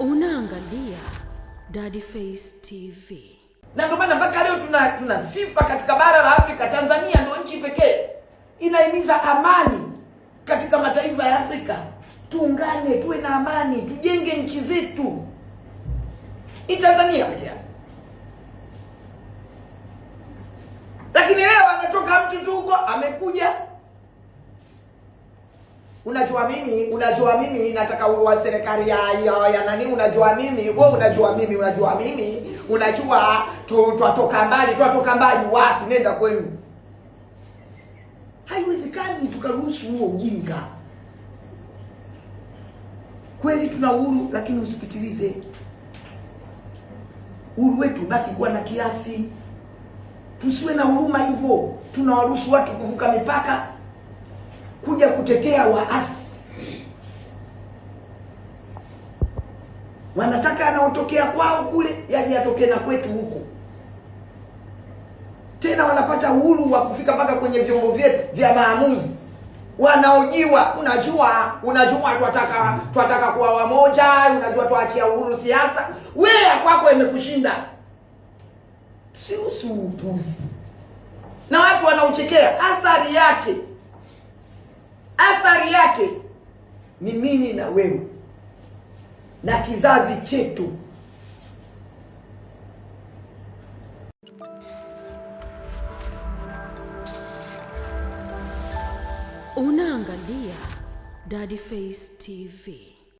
Unaangalia Daddy Face TV. Na ndio maana mpaka leo tuna, tuna sifa katika bara la Afrika. Tanzania ndio nchi pekee inahimiza amani katika mataifa ya Afrika. Tuungane, tuwe na amani, tujenge nchi zetu. Ni Tanzania pia. Lakini leo ametoka mtu tu huko amekuja Unajua mimi, unajua mimi nataka wa serikali ya, ya, ya nani, unajua mimi wewe, unajua mimi, unajua mimi, unajua twatoka mbali, twatoka mbali wapi? Nenda kwenu. Haiwezekani tukaruhusu huo ujinga. Kweli tuna uhuru, lakini usipitilize uhuru wetu, baki kuwa na kiasi, tusiwe na huruma hivyo. Tunawaruhusu watu kuvuka mipaka kuja kutetea waasi, wanataka anaotokea kwao kule yaje yatokee na kwetu huku. Tena wanapata uhuru wa kufika mpaka kwenye vyombo vyetu vya maamuzi wanaojiwa unajua, unajua twataka twataka kuwa wamoja, unajua twaachia uhuru siasa. Wewe kwako imekushinda, tusiruhusu upuzi na watu wanaochekea athari yake athari yake ni mimi na wewe na kizazi chetu. Unaangalia Daddy Face TV.